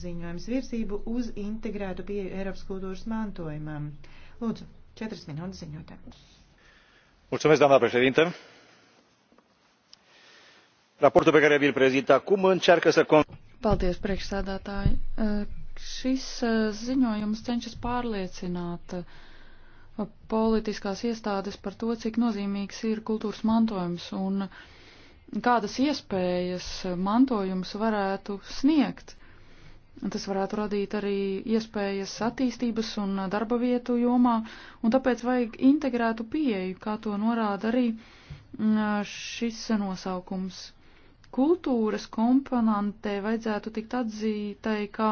ziņojums virzību uz integrētu pieeju Eiropas kultūras mantojumam. Lūdzu, četras minūtes ziņotē. Mulțumesc, doamna președintă. Raportul pe care vi-l prezint acum încearcă să... Paldies, priekšsēdētāji. Šis ziņojums cenšas pārliecināt politiskās iestādes par to, cik nozīmīgs ir kultūras mantojums un kādas iespējas mantojums varētu sniegt Tas varētu radīt arī iespējas attīstības un darba vietu jomā, un tāpēc vajag integrētu pieeju, kā to norāda arī mm, šis nosaukums. Kultūras komponentē vajadzētu tikt atzītai kā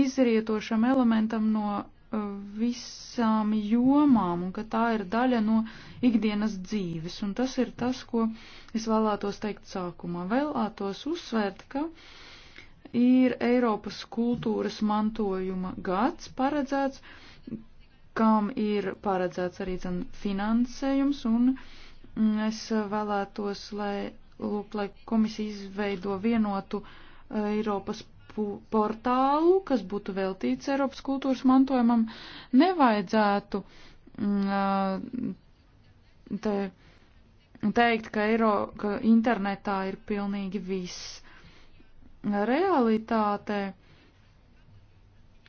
izrietošam elementam no eh, visām jomām, un ka tā ir daļa no ikdienas dzīves. Un tas ir tas, ko es vēlētos teikt sākumā. Vēlētos uzsvērt, ka uh, ir Eiropas kultūras mantojuma gads paredzēts, kam ir paredzēts arī zin, finansējums, un mm, es vēlētos, lai, lūk, lai komisija izveido vienotu e, Eiropas portālu, kas būtu veltīts Eiropas kultūras mantojumam, nevajadzētu mm, e, te, teikt, ka, Eiro, ka internetā ir pilnīgi viss realitātē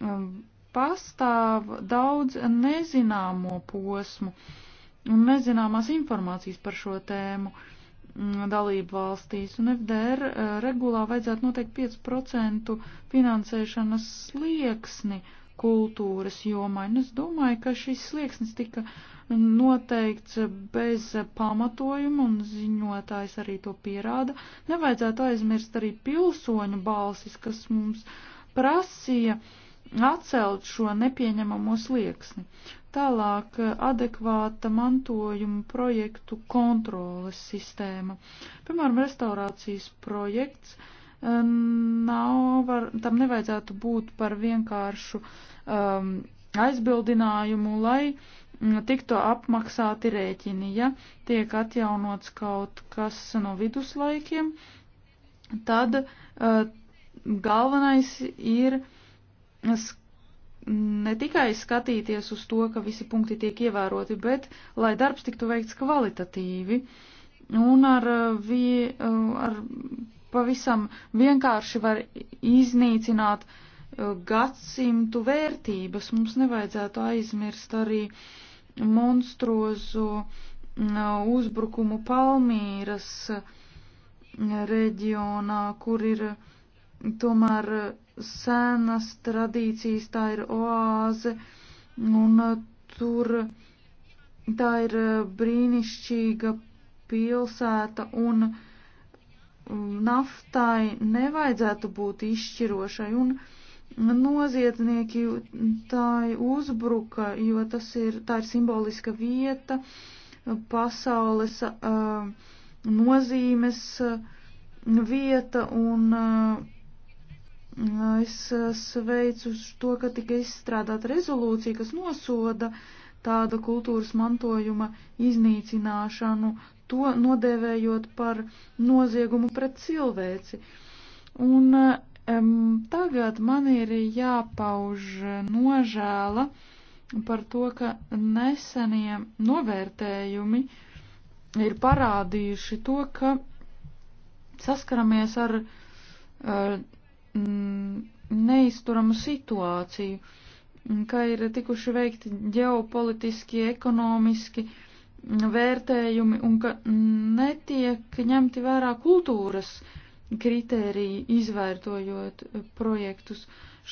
um, pastāv daudz nezināmo posmu un nezināmās informācijas par šo tēmu mm, dalību valstīs, un FDR uh, regulā vajadzētu noteikt 5% finansēšanas slieksni kultūras jomai, un es domāju, ka šis slieksnis tika uh, noteikts bez pamatojuma, un ziņotājs arī to pierāda. Nevajadzētu aizmirst arī pilsoņu balsis, kas mums prasīja atcelt šo nepieņemamo slieksni. Tālāk adekvāta mantojuma projektu kontroles sistēma. Piemēram, restaurācijas projekts eh, nav, var, tam nevajadzētu būt par vienkāršu um, aizbildinājumu, lai tiktu apmaksāti rēķini, ja tiek atjaunots kaut kas no viduslaikiem, tad uh, galvenais ir ne tikai skatīties uz to, ka visi punkti tiek ievēroti, bet lai darbs tiktu veikts kvalitatīvi un ar, vi, eh, ar pavisam vienkārši var iznīcināt eh, gadsimtu vērtības. Mums nevajadzētu aizmirst arī uh, monstruozo mm, uzbrukumu Palmīras mm, reģionā, kur ir mm, tomēr senas tradīcijas, tā ir oāze, un tur tā ir brīnišķīga pilsēta, un naftai nevajadzētu būt izšķirošai, un noziedznieki tai uzbruka, jo tas ir, tā ir simboliska vieta pasaules uh, nozīmes uh, vieta un uh, es sveicu to, ka tika izstrādāta rezolūcija, kas nosoda tāda kultūras mantojuma iznīcināšanu, to nodēvējot par noziegumu pret cilvēci. Un uh, Um, tagad man ir jāpauž nožēla par to, ka nesenie novērtējumi ir parādījuši to, ka saskaramies ar uh, neizturamu situāciju, ka ir tikuši veikti ģeopolitiski, ekonomiski vērtējumi un ka netiek ņemti vērā kultūras uh, kritēriji izvērtojot eh, projektus.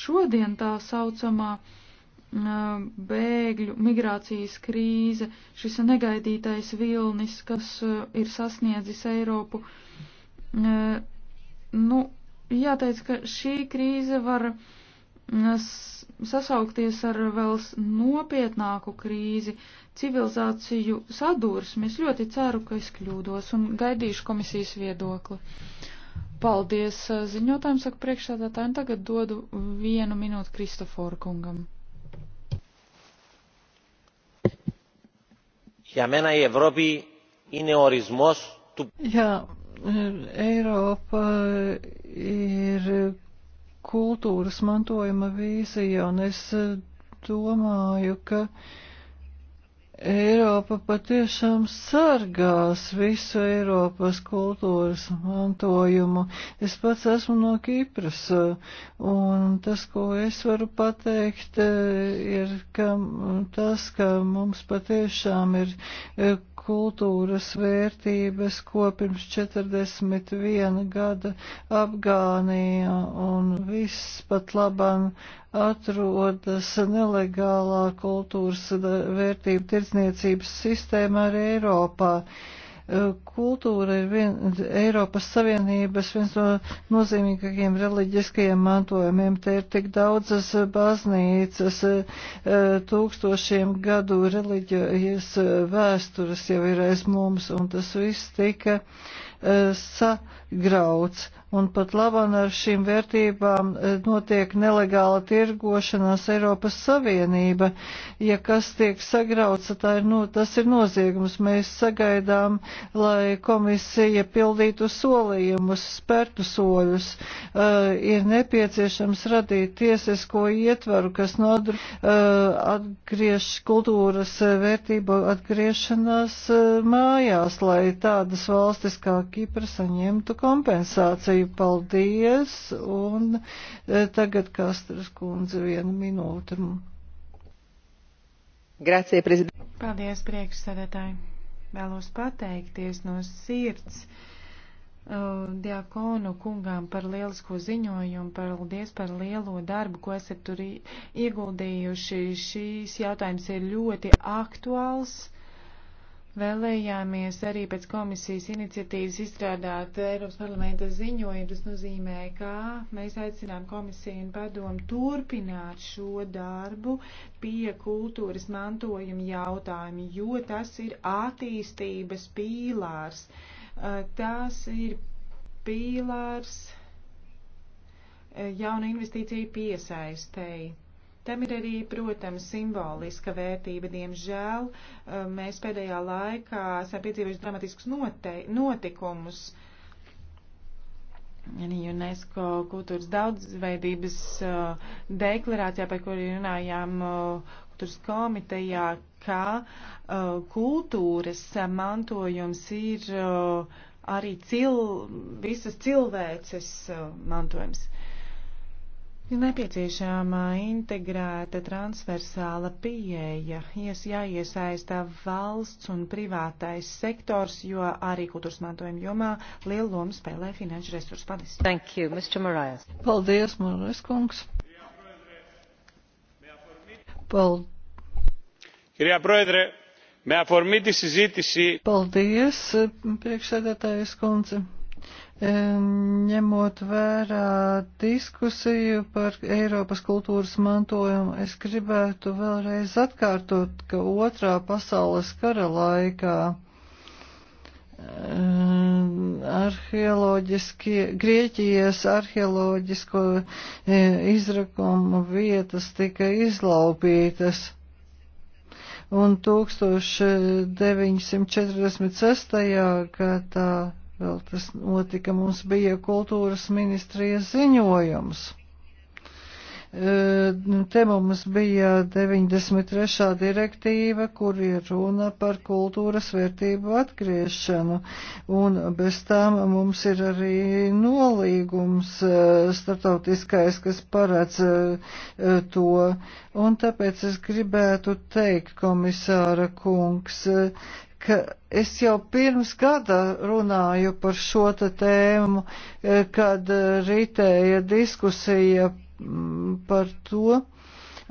Šodien tā saucamā eh, bēgļu migrācijas krīze, šis negaidītais vilnis, kas eh, ir sasniedzis Eiropu, nu, jāteic, ka šī krīze var mm, sasaukties ar vēl nopietnāku krīzi, civilizāciju sadursmi. Es ļoti ceru, ka es kļūdos un gaidīšu komisijas viedokli. Paldies uh, ziņotājiem, saka priekšsēdētājiem. Tagad dodu vienu minūtu Kristoforu kungam. Για μένα η Ευρώπη είναι ορισμός του... Για Eiropa ir kultūras mantojuma vīzija, un es domāju, ka uh, Eiropa patiešām sargās visu Eiropas kultūras mantojumu. Es pats esmu no Kīpras, un tas, ko es varu pateikt, ir ka tas, ka mums patiešām ir e, kultūras vērtības, ko pirms 41 gada Afgānija un viss pat laban atrodas nelegālā kultūras vērtību tirdzniecības sistēma arī Eiropā e, kultūra ir vien, Eiropas Savienības viens no nozīmīgākajiem reliģiskajiem mantojumiem. Te ir tik daudzas baznīcas, e, tūkstošiem gadu reliģijas vēstures jau ir aiz mums, un tas viss tika uh, E, sagrauts. Un pat labam ar šīm vērtībām e, notiek nelegāla tirgošanās Eiropas Savienība. Ja kas tiek sagrauts, ir, nu, tas ir noziegums. Mēs sagaidām, lai komisija pildītu solījumus, spērtu soļus. Uh, ir nepieciešams radīt tiesisko ietvaru, kas nodru uh, atgriež kultūras vērtību atgriešanās uh, mājās, lai tādas valstis kā Kipra saņemtu kompensāciju. Paldies! Un eh, tagad Kastras kundze vienu minūtu. Grazie, prezident. Paldies, priekšsēdētāji. Vēlos pateikties no sirds uh, diakonu kungām par lielisko ziņojumu, paldies par lielo darbu, ko esat tur ieguldījuši. Šīs jautājums ir ļoti aktuāls Vēlējāmies arī pēc komisijas iniciatīvas izstrādāt Eiropas parlamenta ziņojumu. Tas nozīmē, ka mēs aicinām komisiju un padomu turpināt šo darbu pie kultūras mantojuma jautājumu, jo tas ir attīstības pīlārs. Tas ir pīlārs jauna investīcija piesaistēji. Tam ir arī, protams, simboliska vērtība. Diemžēl eh, mēs pēdējā laikā esam piedzīvojuši dramatiskus notikumus. Arī UNESCO kultūras daudzveidības eh, deklarācijā, par kuru runājām eh, kultūras komitejā, ka kultūras mantojums ir arī cil, visas cilvēces mantojums. Ir nepieciešama integrēta transversāla pieeja, ies jāiesaistā valsts un privātais sektors, jo arī kultūras mantojuma jomā lielu lomu spēlē finanšu resursu. Paldies! Thank you, Mr. Marais. Paldies, Marais kungs! Paldies! Κυρία Πρόεδρε, με αφορμή τη συζήτηση... Paldies, priekšsēdētājas kundze. Ņemot vērā diskusiju par Eiropas kultūras mantojumu, es gribētu vēlreiz atkārtot, ka otrā pasaules kara laikā arheoloģiskie, Grieķijas arheoloģisko e, izrakumu vietas tika izlaupītas un 1946. gadā Vēl tas notika, mums bija kultūras ministrijas ziņojums. E, te mums bija 93. direktīva, kur ir runa par kultūras vērtību atgriešanu, un bez tām mums ir arī nolīgums e, startautiskais, kas paredz e, to. Un tāpēc es gribētu teikt, komisāra kungs, ka es jau pirms gada runāju par šo tēmu, e, kad e, ritēja diskusija par to.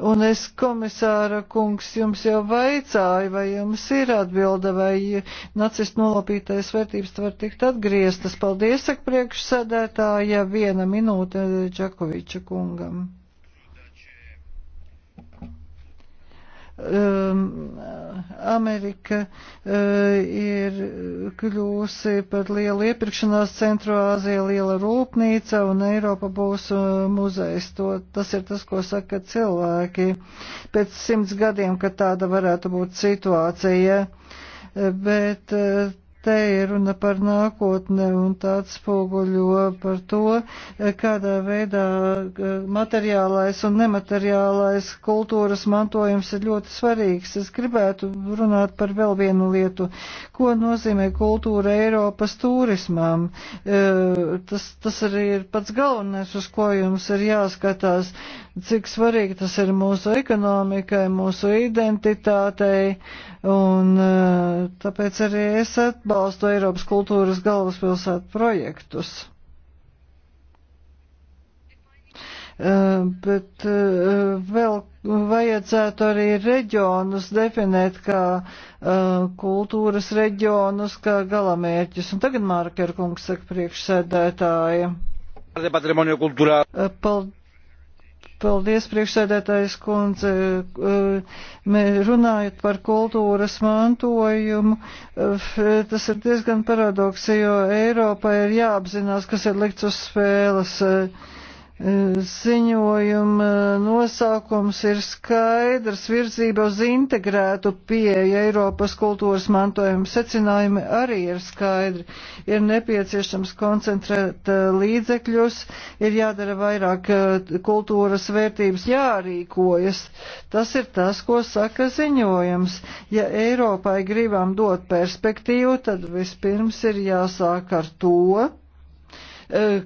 Un es, komisāra kungs, jums jau vaicāju, vai jums ir atbilde, vai nacistu nolapītais vērtības var tikt atgrieztas. Paldies, ak, priekšsēdētāja, viena minūte Čakoviča kungam. Um, Amerika uh, ir kļūsi par lielu iepirkšanās centru, Āzija liela rūpnīca un Eiropa būs uh, muzejs. To, tas ir tas, ko saka cilvēki. Pēc simts gadiem, kad tāda varētu būt situācija, uh, bet te ir runa par nākotne un tāds spoguļo par to, kādā veidā eh, materiālais un nemateriālais kultūras mantojums ir ļoti svarīgs. Es gribētu runāt par vēl vienu lietu. Ko nozīmē kultūra Eiropas turismām? Eh, tas, tas arī ir pats galvenais, uz ko jums ir jāskatās. Uh, cik svarīgi tas ir mūsu ekonomikai, mūsu identitātei, un eh, tāpēc arī es atbalstu Eiropas kultūras galvaspilsētu projektus. Eh, bet eh, vēl vajadzētu arī reģionus definēt kā kultūras reģionus, kā galamērķus. Un tagad Mārkerkungs saka priekšsēdētāja. Paldies! Paldies, priekšsēdētājs kundze. Eh, runājot par kultūras mantojumu, eh, tas ir diezgan paradoks, jo Eiropai ir jāapzinās, kas ir likts uz spēles. Eh, Ziņojuma nosaukums ir skaidrs virzība uz integrētu pieeju Eiropas kultūras mantojuma secinājumi arī ir skaidri. Ir nepieciešams koncentrēt eh, līdzekļus, ir jādara vairāk eh, kultūras vērtības, jārīkojas. Tas ir tas, ko saka ziņojums. Ja Eiropai gribam dot perspektīvu, tad vispirms ir jāsāk ar to,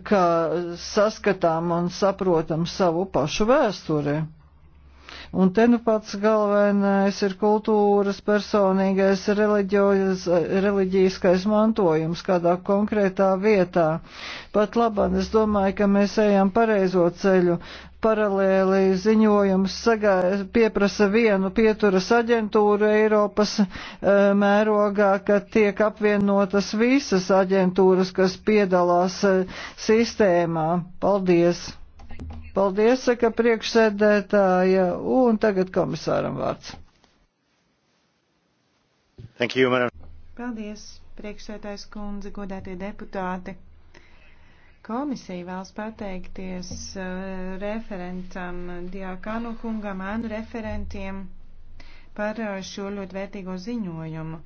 ka saskatām un saprotam savu pašu vēsturi. Un te nu pats galvenais ir kultūras personīgais reliģiskais mantojums kādā konkrētā vietā. Pat labāk, es domāju, ka mēs ejam pareizo ceļu. Paralēli ziņojums sagā, pieprasa vienu pieturas aģentūru Eiropas e, mērogā, ka tiek apvienotas visas aģentūras, kas piedalās e, sistēmā. Paldies! Paldies, saka priekšsēdētāja, un tagad komisāram vārds. Thank you, madam. Paldies, priekšsētājs kundze, godētie deputāti. Komisija vēlas pateikties uh, referentam Diakanu kungam, ānu referentiem par uh, šo ļoti vērtīgo ziņojumu.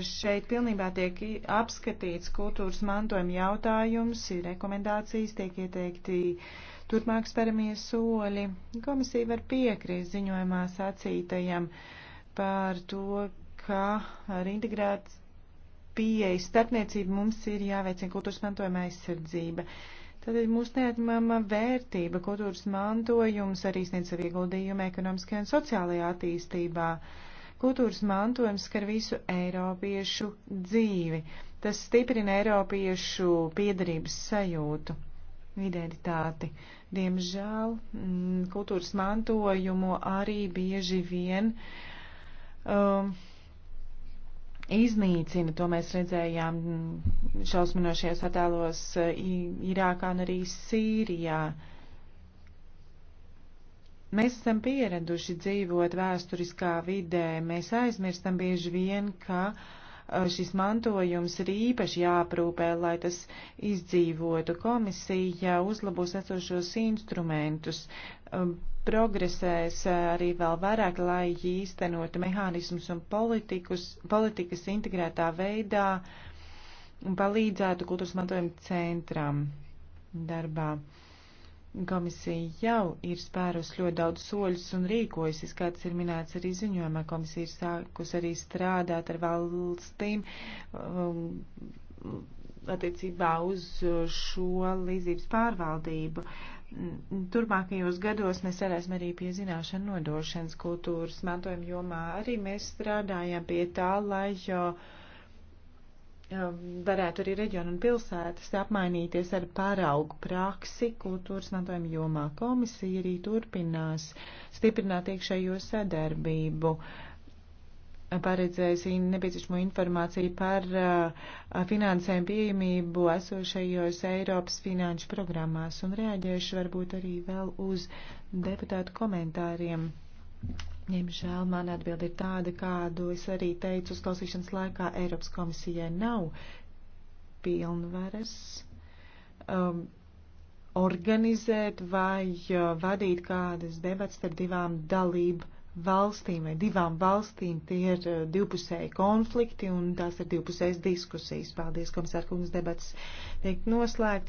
Šeit pilnībā tiek apskatīts kultūras mantojuma jautājums, ir rekomendācijas, tiek ieteikti turpmāk speramie soļi. Komisija var piekrist ziņojumā sacītajam par to, kā ar integrētas pieeja starpniecību mums ir jāveicina kultūras mantojuma aizsardzība. Tad ir mūsu neatmama vērtība, kultūras mantojums arī sniedz savu ieguldījumu ekonomiskajā un sociālajā attīstībā. Uh, Kultūras mantojums skar visu Eiropiešu dzīvi. Tas stiprina Eiropiešu piedarības sajūtu, identitāti. Diemžēl m, mm, kultūras mantojumu arī bieži vien um, iznīcina. To mēs redzējām mm, šausminošajos attēlos uh, Irākā un arī Sīrijā. Uh, Mēs esam pieraduši dzīvot vēsturiskā vidē, mēs aizmirstam bieži vien, ka uh, šis mantojums ir īpaši jāprūpē, lai tas izdzīvotu. Komisija uzlabos esošos instrumentus, um, progresēs uh, arī vēl vairāk, lai īstenotu mehānismus un politikus, politikas integrētā veidā un palīdzētu kultūras mantojuma centram darbā. Komisija jau ir spērus ļoti daudz soļus un rīkojusies, kā tas ir minēts arī ziņojumā. Komisija ir sākus arī strādāt ar valstīm um, attiecībā uz šo līdzības pārvaldību. Mm, turpmākajos gados mēs varēsim arī pie zināšanu nodošanas kultūras mantojuma jomā. Arī mēs strādājam pie tā, lai jau. Uh, Um, varētu arī reģionu un pilsētas apmainīties ar paraugu praksi kultūras mantojuma jomā. Komisija arī turpinās stiprināt iekšējo sadarbību, paredzēs nepieciešamo informāciju par uh, finansēm pieejamību esošajos Eiropas finanšu programmās un reaģēšu varbūt arī vēl uz deputātu komentāriem. Ņemžēl man atbild ir tāda, kādu es arī teicu uzklausīšanas laikā Eiropas komisijai nav pilnvaras um, organizēt vai uh, vadīt kādas debats starp divām dalību valstīm vai divām valstīm. Tie ir uh, divpusēji konflikti un tās ir divpusējas diskusijas. Paldies, komisārkungs, debats tiek noslēgts.